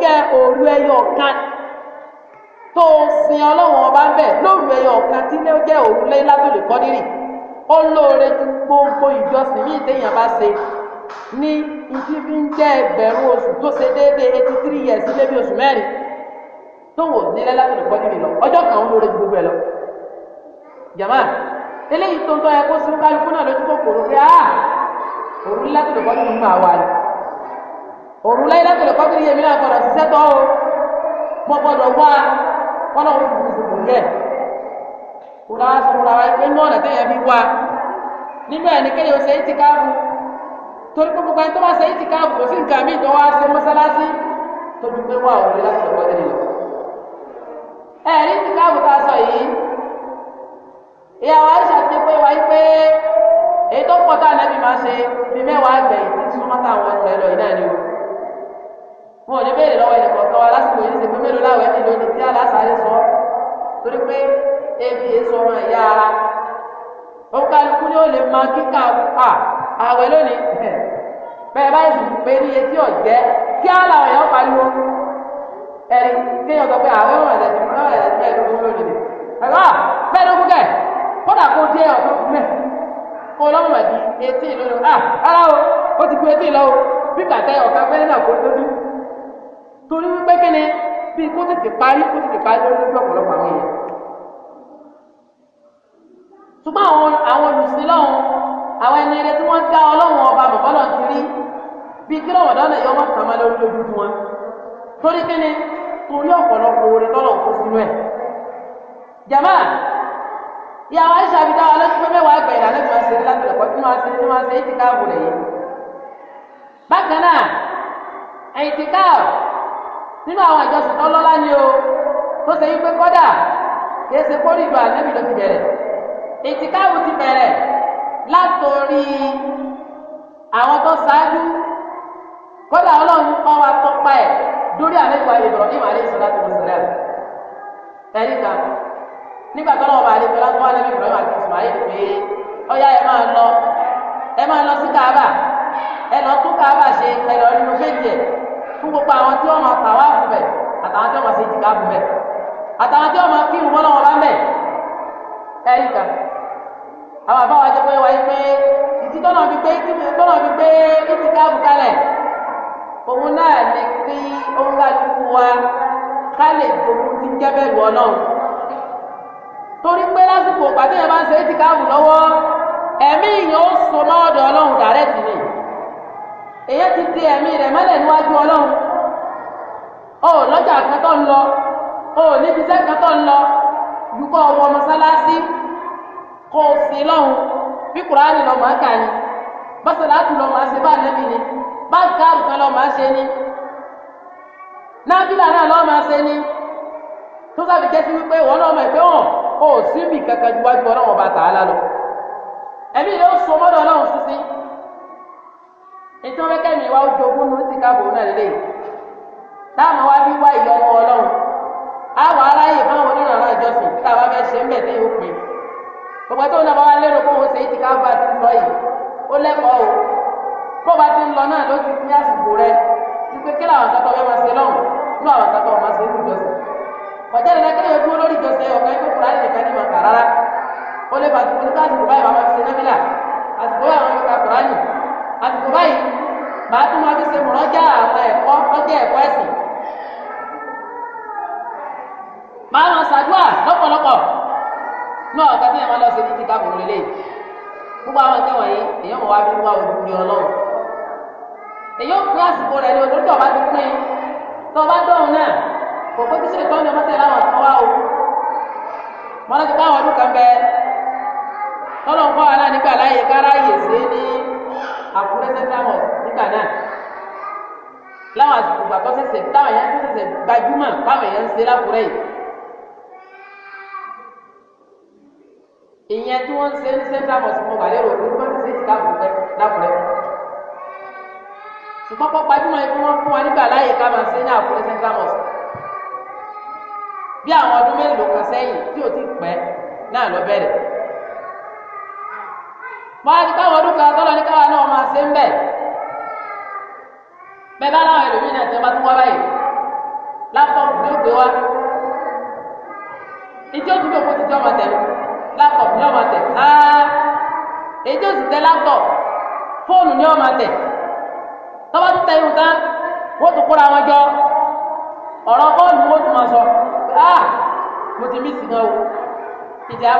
gẹ òru ẹyọ kan tó o sin ọlọ́run ọba bẹ́ẹ̀ lóru ẹyọ kan tí ní ó jẹ́ òru lẹ́yìnlá tó lè ó lóore ju gbogbo ìjọsìn míì téèyàn bá ṣe ní ibi bí ń jẹ́ ẹgbẹ̀rún oṣù tó ṣe déédéé eighty three years lé bí oṣù mẹ́rin tó wò ní lẹ́yìnlá tó lọ ọjọ́ kan ó lóore ju gbogbo ẹ lọ jàmá eléyìí tó ń tọ́ ẹ kó sí kálukú náà lójú kòkòrò pé ah òru lẹ́tọ̀ọ́ kọ́ nínú àwọn àlè òru láyé láti lè kọ́ bí yèmí náà gbọ́dọ̀ ṣiṣẹ́ tọ́ o mo gbọ́dọ̀ wá wọn náà kò fi kò lẹ̀ kúrò wá sọ̀rọ̀ wá pé ní ọ̀nà tẹ̀yẹ bí wá nínú ẹ̀ ní kéèyàn ṣe é ti káàbù torí pé gbogbo ẹni tó bá ṣe é ti káàbù kò sí nǹkan míì tó wá ṣe mọ́sálásí tó fi pé wá òru láti lè kọ́ bí yèmí ẹ̀ ní ti káàbù tá a sọ yìí ìyàwó àìsàn ti pé wáyé pé èyí tó pọ̀ tá a nẹ́bí máa ṣe bí mẹ́wàá àgbẹ̀yìn tí súnmọ́tà wọn ń lọ ìnáà ni wọn ò ní béèrè lọ́wọ́ ẹnì kọ̀ọ̀kan wa lásìkò yìí ṣe pé mélòó láwọn ẹni lónìí tí aláṣàlẹ̀ sọ torí pé ebi èso ọmọ ìyá ara ó kálukú ni ó lè máa kíkà à àwẹ̀ lónìí bẹ́ẹ̀ báyìí sì pé ní iye tí ò jẹ́ kí á làwọn èèyàn pariwo ẹni kéèyàn sọ pé àwẹ̀ wọn ẹ̀sẹ̀ tó wọn ẹ̀sẹ̀ tó ẹ̀dógún lónìí ẹ̀rọ bẹ́ẹ̀ lógún kẹ̀ kódà kó díẹ̀ ọ̀tún mẹ́ kó lọ́mọdé etí ìlú ah ara o ó ti kú etí ìlọ́wọ́ bí kàtẹ́ ọ̀kan pẹ́ẹ́lẹ́ náà kó lójú torí wípé kí ni bí kó tètè parí kó tètè parí lórí lójú ọ̀pọ̀lọpọ̀ àwọn èèyàn ṣùgbọ́n àwọn àwọn olùsìn lọ́hùn àwọn ẹni eré tí wọ́n dá ọlọ́run ọba bọ̀bọ́lọ̀ ti rí bí kí lọ́wọ́ dáná yọ wọ́n tàmá lórí lójú wọn torí kí ni torí ọ̀pọ̀lọpọ̀ orin tọ́lọ̀ kó sínú ẹ̀ jama ìyàwó àìsàn àbí dáwọ́ lọ́sí pé mẹ́wàá àgbà ìlànà ìgbà ṣe láti lọ́kọ́ tí wọ́n ṣe tí wọ́n ṣe é ti káàbù rẹ̀ yìí bákan nínú àwọn ìjọsìn tó lọ́lá ni o tó ṣe wípé kọ́dà kìí ṣe kórì ìlú ànábì ló ti bẹ̀rẹ̀ ìtìkáwù ti bẹ̀rẹ̀ látòrí àwọn tó ṣáájú kọ́dà ọlọ́run kọ́ wa tọ́pa ẹ̀ dórí ànábì wa Ibrahim alayhi salatu wa salam ẹ̀rí kan nígbà tó lọ́wọ́ bá a lè fẹ́ lásán wà lẹ́nu Ibrahim àti Ismail pé ọ̀yá ẹ̀ máa lọ ẹ̀ máa lọ sí Kaaba ẹ̀ lọ tún Kaaba ṣe ẹ̀ lọ nínú méjì ẹ̀ fún gbogbo àwọn tí wọ́n máa tà wá fún bẹ̀ àtàwọn tí wọ́n máa ṣe jìkà fún bẹ̀ àtàwọn tí wọ́n máa kírun bọ́lá wọn bá ń bẹ̀ ẹ̀rí kan àwọn àbáwá jẹ́ pé wáyé pé ìdí tọ́nà fi pé tọ́nà fi pé ìtì káàbù kalẹ̀ òun náà lè fi òun kálukú wa ká lè gbogbo ti jẹ́ bẹ́ẹ̀ lù ọ náà torí pé lásìkò pàdé yẹn bá ń ṣe ìtì káàbù lọ́wọ́ ẹ̀mí ìyẹn ó so mọ́ ọ̀dọ̀ ọlọ́run dàrẹ́tì ni èyí ti di ẹ̀mí rẹ̀ mọ́lẹ̀ níwájú ọlọ́run o lọ́jà kan tó ń lọ o níbi iṣẹ́ kan tó ń lọ dùkọ́ ọwọ́ mọ́sálásí kò sí lọ́hùn bí kùránì lọ máa kà ní bọ́sàlátù lọ máa ṣe bá nẹ́bí ni báńkì àrùkan lọ máa ṣe ní nábìlà náà lọ máa ṣe ní tó sábì jẹ́ sí wípé ìwọ náà mọ̀ ẹ̀pẹ́ wọn o síbi kankan ju wájú ọlọ́run ọba tààlà lọ ẹ̀mí rẹ̀ ó so mọ́dọ̀ ọlọ́run ètò ọ̀rẹ́kẹ́mi wa ó jogún ní ti káàbọ̀ náà lè táwọn wá bí wá ìyọnu ọlọ́run àwọn aráyè báwọn onírànà ìjọsìn tá a bá fẹ́ ṣe ń bẹ̀ tẹ́yìn òpin gbogbo tó ń lọ bá wá lérò kó wọn ṣe é ti ká bá lọ yìí ó lẹ́kọ̀ọ́ o bó bá ti ń lọ náà ló ti ní àsìkò rẹ wípé kí làwọn àtàtọ̀ bẹ́ẹ̀ máa ṣe lọ́hùn ní àwọn àtàtọ̀ máa ṣe ní ìjọsìn kọjá ìlẹ̀ kí lóye dúró lórí ìjọsìn ọ̀gá ikú kura lè ká ní màkà rárá ó lè bàtí kúrú káàsìkò báyìí wàá máa ṣe nábìlà àsìkò báyìí wàá máa ṣe àsìkò báyìí màá tún máa fi ṣe mọ̀rọ́jà àwọn ẹ̀kọ́ lọ́jọ́ ẹ̀kọ́ ẹ̀sìn. màá lọ ṣàdúrà lọ́pọ̀lọpọ̀ náà ọ̀gá tí yẹn máa lọ ṣe ní ti ká kòrò lélẹ̀ gbogbo àwọn ẹ̀kẹ́ wọ̀nyí èèyàn mọ̀ wá bí wá ojú ni ọlọ́run èèyàn pín àsìkò rẹ̀ ní olórí ọba ti pín tó ọba dọ̀hún náà kò pé kí ṣe ìtọ́ni ọmọ tẹ̀lé àwọn àtọwá o mọ́lá ti bá àwọn Àkúrẹ́ central mosque nígbà náà láwọn àsìkò gbàgbọ́ sẹ̀sẹ̀ táwọn èèyàn tó sẹ̀sẹ̀ gbajúmọ̀ báwọn èèyàn ń ṣe lákùrẹ́ yìí. ìyẹn tí wọ́n ń ṣe ń central mosque mọ̀ wà lérò pé wọ́n ti ṣe ìdíkà bùkẹ́ lákùrẹ́. ṣùgbọ́n pọ́ gbajúmọ̀ yìí wọ́n fún wa nígbà láàyè ká máa ṣe ní Àkúrẹ́ central mosque. bí àwọn ọdún mélòó kan sẹ́yìn tí ò ti pẹ́ náà lọ bẹ̀rẹ̀ máa ní káwọn ọdún kan tọ́lọ ní káwọn náà máa ṣe ń bẹ̀ bẹ́ẹ̀ bá láwọn ẹlòmíì náà tẹ́ bá tún wá báyìí lápọ̀pù ní òkè wá ìdí òtún tó kó ti tẹ́ ọmọ tẹ̀ lápọ̀pù ní ọmọ tẹ̀ áá èdè òsì tẹ lápọ̀pù fóònù ní ọmọ tẹ̀ tọ́wọ́ tó tẹ irun tán wọ́n tún kóra wọn jọ ọ̀rọ̀ bọ́ọ̀lù wọ́n tún máa sọ mo ti mí sí náà o ìjà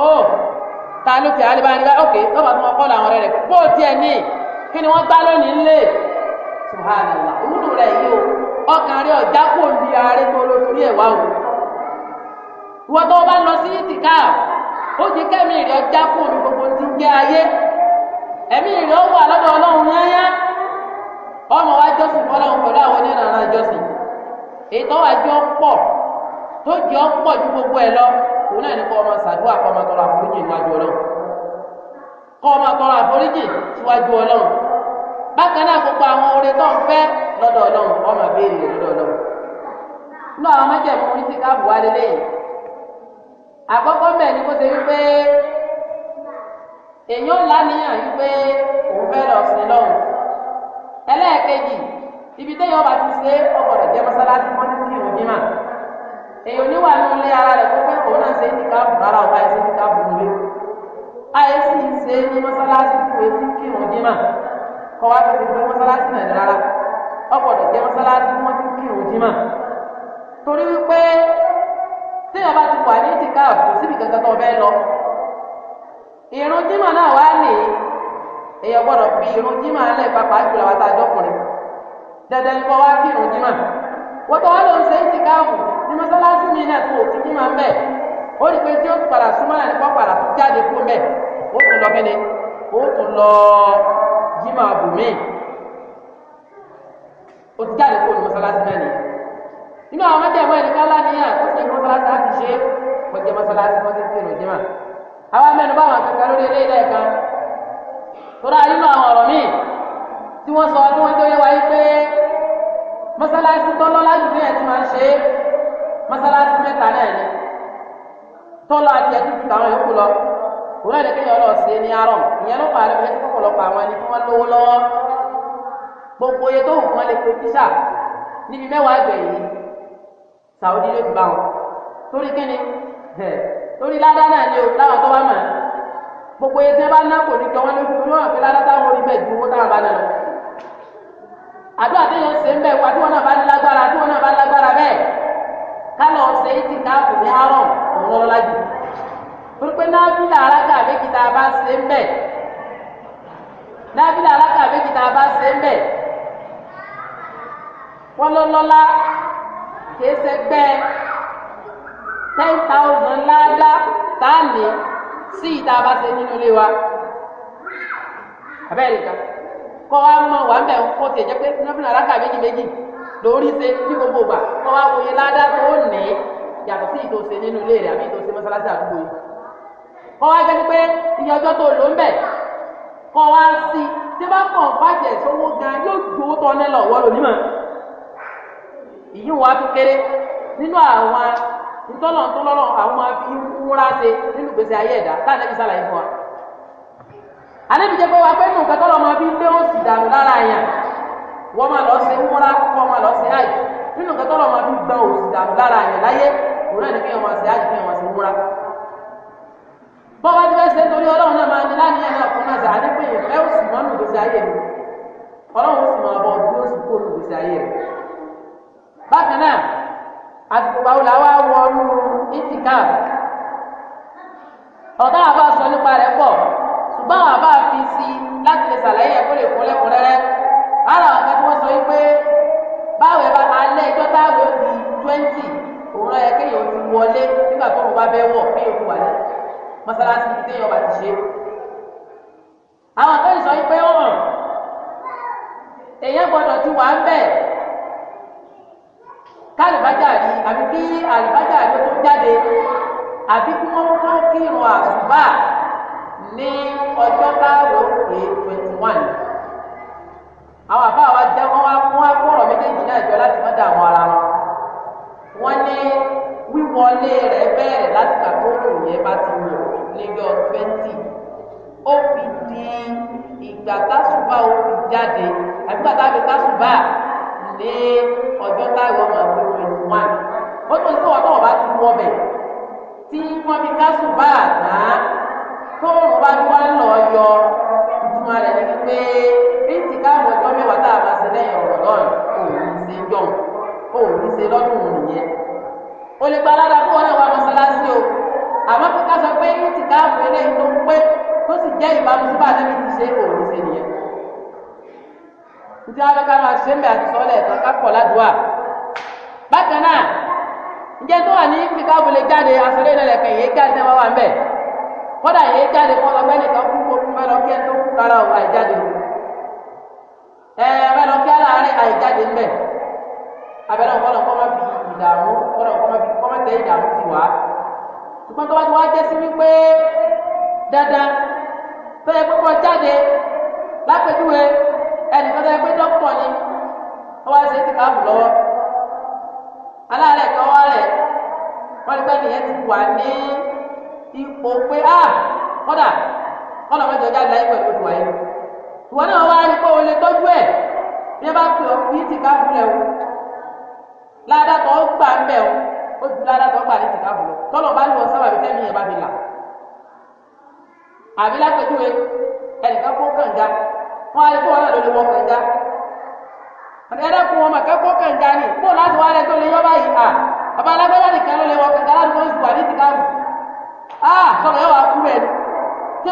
oh ta ló kẹ́ alẹ́ bá ní ọ ókè àwọn tó wọn kọ́ làwọn ọ̀rẹ́ rẹ̀ bó ní kí ni wọ́n gbá lónìí o ọkàn rẹ̀ ọjà kò di ààrẹ tó lórí ẹ̀ wá o ìwọ tó bá lọ sí ìtìká ó ọjà kò gbogbo ti ayé ó wà yányá ọmọ wa àwọn òun náà ní kọ́ ọmọ sàdúrà kọ́ ọmọ tọrọ àforíjì níwájú ọlọ́run kọ́ ọmọ tọrọ àforíjì síwájú ọlọ́run bákan náà gbogbo àwọn oore tó ń fẹ́ lọ́dọ̀ ọlọ́run ọmọ béèrè rẹ̀ lọ́dọ̀ ọlọ́run nínú àwọn mẹ́jẹ̀mú orí ti káàbù wá lélẹ́yìn àkọ́kọ́ bẹ́ẹ̀ ni kó ṣe wípé èèyàn lánìyàn wípé òun fẹ́ lọ sí lọ́run ẹlẹ́ẹ̀kejì ibi téèyàn bá ti ṣe ọgbọ̀dọ̀ jẹ́ mọ́sálásí èyí oníwà ní ilé ara rẹ̀ kó pẹ́ òun náà ṣe ní káàbù rárá ọba ẹ̀ ṣe ní káàbù nílé ayé sì ń ṣe ní mọ́sálásí fún etí kírun jímà kọ́ wá fi pé mọ́sálásí náà rárá ọ̀pọ̀lọpọ̀ jẹ́ mọ́sálásí fún etí kírun jímà torí wípé téèyàn bá ti wà ní ìtìká kò síbi kankan tó bẹ́ẹ̀ lọ ìrun jímà náà wá lè èèyàn gbọ́dọ̀ fi ìrun jímà lẹ̀ pàápàá jùlọ àwọn àtàjọkùnrin dandan ni kọ́ wá kírun jímà wọ́n tó wá lọ ń ṣe ìtìká kù ní mọ́sálásí mi náà tó òkú kí máa ń bẹ̀ ó rí i pé tí ó padà súnmọ́ náà nípa padà tó jáde kó mẹ́ ó tún lọ kíni ó tún lọ jimá bùnmí ó ti jáde kó ní mọ́sálásí náà nìyẹn nínú àwọn mẹ́tẹ̀ ẹ̀mọ́ ẹ̀dínká láníyàn tó ṣe mọ́sálásí á ti ṣe ọjọ́ mọ́sálásí wọ́n ti ń tẹ̀lé jimá àwọn mẹ́nu bá wọn kankan lórí ilé ilẹ̀ kan tó dáa nínú àwọn ọ̀rọ̀ míì tí wọ́n sọ tí wọ́n tó yé wáyé pé mọ́sálásí tọ́lọ́lá jù mọ́sálásí mẹ́ta náà ni tọ́lọ́ àti ẹtùtù táwọn yòókù lọ òun náà lè kéèyàn lọ sí ní arọ ìyẹn ló pààlọ́ ìyẹn tó pọ̀lọpọ̀ àwọn ẹni tí wọ́n lówó lọ́wọ́ gbogbo iye tó wù wọ́n lè pe tíṣà níbi mẹ́wàá gbẹ̀yìn sàwọ́dí ló ti bá wọn torí kíni torí ládá náà ni o láwọn tó bá mọ̀ gbogbo iye tí wọ́n bá ná kò ní jọ wọ́n lójú torí wọn fi ládá táwọn orí bẹ́ẹ̀ ju owó táwọn bá ná àdúrà téèyàn ṣe ń bẹ̀ wá tí wọ́n náà bá lágbára tí náà bá lágbára bẹ́ẹ̀ kálọ̀ ṣe é ti káàpù ní àárọ̀ òun lọ́la jù nábìlà alága méjì bá ṣe ń bẹ̀ nábìlà alága méjì bá ṣe ń bẹ̀ wọ́n wa abẹ́rẹ́ kọ́ wa ń bẹ̀ kó tiẹ̀ jẹ́ pé nábìlà lórí ṣe ní gbogbo gbà wọn wá wòye ládàá tó ní yàtọ̀ sí ìtòsí nínú ilé rẹ̀ àbí ìtòsí mọ́sálásí àdúgbò yìí kọ́ wá jẹ́ pé iye ọjọ́ tó lò ń bẹ̀ kọ́ wá sí tí bá kàn bàjẹ́ sówó gan yóò gbowó tọ́ ní lọ wọ́n lónìí mọ̀ ìyí wọn tún kéré nínú àwọn ntọ́lọ̀ ntọ́lọ́lọ́ àwọn ìwúra ṣe nínú gbèsè ayé ẹ̀dá táà lẹ́bi sálàyé fún wa. àlẹ́bi jẹ́ pé wá pé nù kẹ́tọ́lọ́ máa fi lé wọ́n máa lọ sí múra wọ́n máa lọ sí àyè nínú nǹkan tọ́lọ̀ máa fi gba òsì dànù lára àyè láyé òun náà ní kí wọ́n máa sí àyè kí wọ́n máa sí múra. bọ́lá ti fẹ́ ṣe é torí ọlọ́run náà máa ní láàyè ẹ̀ náà kún náà zà á ní pé ẹ ó sì mọ́ nù gbèsè ayé mi ọlọ́run ó sì máa bọ̀ ọdún ó sì kó nù ayé rẹ̀. bákan náà àsìkò báwo wá wọ ọ́nù itikaf ọ̀tá àbá sọ nípa rẹ̀ pọ̀ ṣùgbọ́n àbá fi sí láti lè ṣàlàyé ẹ̀kọ́ lè kún lẹ́kùnrẹ́rẹ́ ara àwọn akẹ́kọ̀ọ́ sọ yìí pé báwo ẹ bá alẹ́ ẹjọ́ táwọn ó di twenty òun náà yẹ kéèyàn ti wọlé nígbà tó wọn bá bẹ́ wọ̀ kéèyàn ti wà ní mọ́sálásí téèyàn bá ti ṣe. àwọn akẹ́kọ̀ọ́ sọ yìí pé ọ̀ràn èèyàn gbọ́dọ̀ ti wà ń bẹ̀ kálíbájà rí àbí kí àlìbájà rí tó jáde àbí kí wọ́n tó kírun àsùbà ní ọjọ́ táwọn ó pè twenty one àwọn àbá wa jẹ́ wọ́n wá wọ́n wá kọ̀rọ̀ méjèèjì náà jọ láti má dààmú ara wọn wọ́n ní wíwọlé rẹ̀ bẹ̀rẹ̀ láti kàkóòrò yẹn bá ti wọ̀ lẹ́yọ twenty ó fi di ìgbà tásùbà ó fi jáde àbí gbàtà tásùbà lé ọjọ́ táwọn máa fi twenty one ó tún ní kí wọ́n tó wọ́n bá ti wọ́ bẹ̀ tí wọ́n fi tásùbà náà tó wọ́n bá wá lọ yọ ìtumọ̀ rẹ̀ ni wípé bíntì káàbọ̀ ọjọ́ mẹ́wàá tá a máa ṣe lẹ́yìn ọ̀rọ̀ lọ́rùn òun ṣe ń jọ̀ òun ṣe lọ́dún òun nìyẹn. o lè gba fún ọ̀nà wa o àmọ́ kí ká sọ pé bíntì káàbọ̀ eléyìí tó pé tó sì jẹ́ ìbámu sí bá àdébí ti ṣe òun ṣe nìyẹn. ǹjẹ́ abẹ́ká máa ṣe mẹ́ àti sọ́lẹ̀ ẹ̀tàn kápọ̀ ládùúà bákan náà ǹjẹ́ tó wà ní fìkábùlé jáde àṣọlé jáde kọ́dà yìí jáde kọ́ lọ bẹ́ẹ̀ nìkan kú kó má lọ tó rárá o àìjáde o ẹ má lọ kí àìjáde ń bẹ̀ abẹ́rẹ́ ọ̀kọ́lọ̀ kọ́ má fi ìdààmú kọ́dà kọ́ má fi kọ́ má tẹ ìdààmú ti wá tó wá jẹ́ sí wípé dandan tó yẹ kókó jáde ẹnì tó ipò pé á ah, kọ́dà kọ́dà má jọjá láyé pẹ̀lú ìwà yẹn ìwọ náà wá rí pé o lè tọ́jú ẹ̀ bí ẹ bá pè ọ́ kí ti ká fúnlẹ̀ o ládàtọ̀ ó gbà ń bẹ̀ o ó ju ládàtọ̀ ó gbà ní ti ká fúnlẹ̀ tọ́lọ̀ bá lọ sábà bí tẹ́mi yẹn bá fi là àbí lápẹjúwe ẹnìkan kó kànga wọn á rí pé wọn náà lè wọ kànga ẹlẹ́kùn wọn màkà kó kànga ni kó láti wá rẹ tó lè yọ báyìí à bàbá alágbádá nìkan ló lè wọ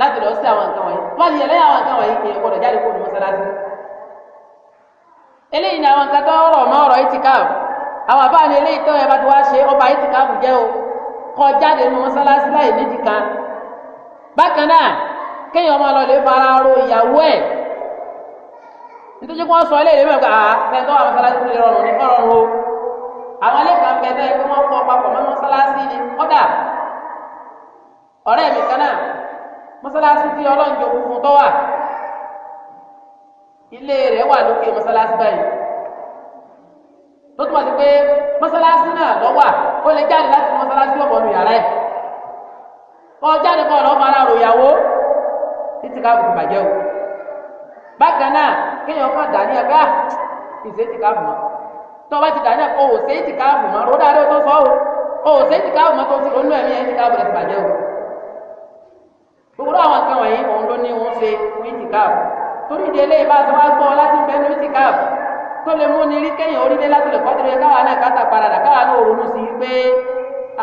láti lọ sí àwọn nǹkan wọ̀nyí wọ́n ti yẹ lẹ́yìn àwọn nǹkan wọ̀nyí kì í gbọ́dọ̀ jáde kó ní mọ́sálásí. eléyìí ni àwọn nǹkan tó rọ̀ mọ́ ọ̀rọ̀ àwọn àbá ni eléyìí tó yẹ bá ti wá ṣe ọba o jáde ní láì bákan náà kéèyàn fara ro ìyàwó ẹ̀ nítorí sọ eléyìí ilé mọ́sálásí ti ọlọ́run jogún fún tọ́wà ilé rẹ̀ wà lókè mọ́sálásí báyìí tó túmọ̀ sí pé mọ́sálásí náà ó lè jáde láti ọmọ ọdún yàrá ẹ̀ jáde ọ̀rọ̀ ìyàwó títí ká bùkún bàjẹ́ o bákan náà kéèyàn kọ́ dání ah, ìṣe ti ká bùmọ́ tó bá ti dání ẹ̀kọ́ òṣèlú ti ká tó sọ o tó ti ronú ẹ̀mí ẹ̀ ti ká ti bàjẹ́ o. gbogbo àwọn nǹkan wọ̀nyí òun ló ní òun ṣe fún ìtìkáàbù torí ìdí eléyìí bá ti wá gbọ́ láti ń bẹnu ìtìkáàbù tó lè mú ni rí kẹ́yìn orílẹ̀ láti lè kọ́ tẹ̀lé káwa náà káta paradà káwa náà ronú sí i pé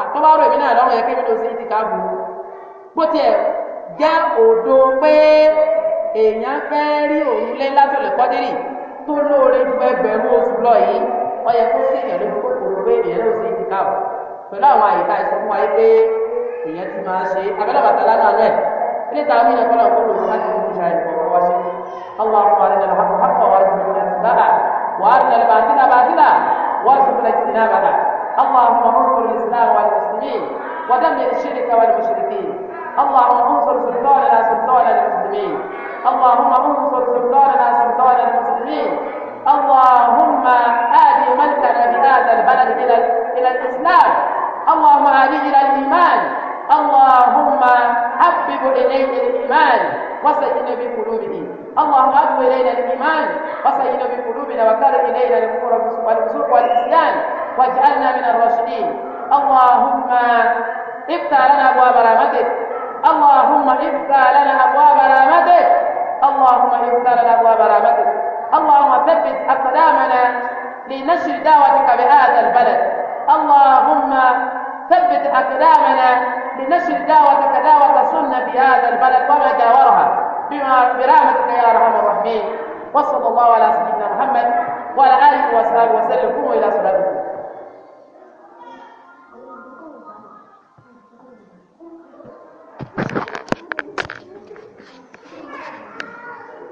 àtọ́bá rò èmi náà lọ́rùn yẹ kébí ló ṣe ìtìkáàbù bó tiẹ̀ já òdo pé èèyàn fẹ́ rí òun lé láti lè kọ́ tẹ̀lé tó lóore ju ẹgbẹ̀rún oṣù lọ yìí wọ́n yẹ kó sí èèyàn lójú kòkòrò pé èèyàn ló ṣe ìtìkáàbù pẹ̀lú àwọn àyíká ìsọfún wa yìí pé èèyàn ti máa ṣe abẹ́lẹ́ bàtà lánàá náà لتعويل فلا قوله أن مشاهد وواسع اللهم أرنا الحق حقا وارزقنا اتباعه وأرنا الباطل باطلا وارزقنا اجتنابه اللهم انصر الإسلام والمسلمين ودمر الشرك والمشركين اللهم انصر سلطاننا سلطان المسلمين اللهم انصر سلطاننا سلطان المسلمين اللهم آدي ملكنا بهذا البلد إلى الإسلام اللهم آدي إلى الإيمان اللهم حبب إلينا الإيمان وسجن بقلوبنا اللهم أدو إلينا الإيمان وسجن بقلوبنا وكر إلينا الكفر والفسوق والعصيان واجعلنا من الراشدين اللهم افتح لنا أبواب رحمتك اللهم افتح لنا أبواب رحمتك اللهم افتح لنا أبواب رحمتك اللهم ثبت أقدامنا لنشر دعوتك بهذا البلد اللهم ثبت أقدامنا لنشر دعوتك دعوة السنة في هذا البلد وما جاورها بما برحمتك يا أرحم الراحمين وصلى الله على سيدنا محمد وعلى آله وصحبه وسلم قوموا إلى صلاتكم